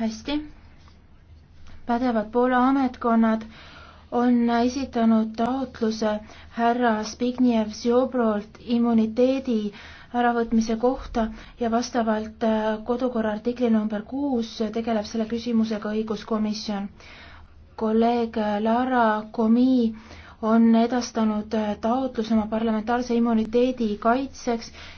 hästi. pädevad Poola ametkonnad on esitanud taotluse härra Zbigniew Ziobrolt immuniteedi äravõtmise kohta ja vastavalt äh, kodukorra artikli number kuus tegeleb selle küsimusega õiguskomisjon. kolleeg äh, Lara Komi on edastanud äh, taotluse oma parlamentaarse immuniteedi kaitseks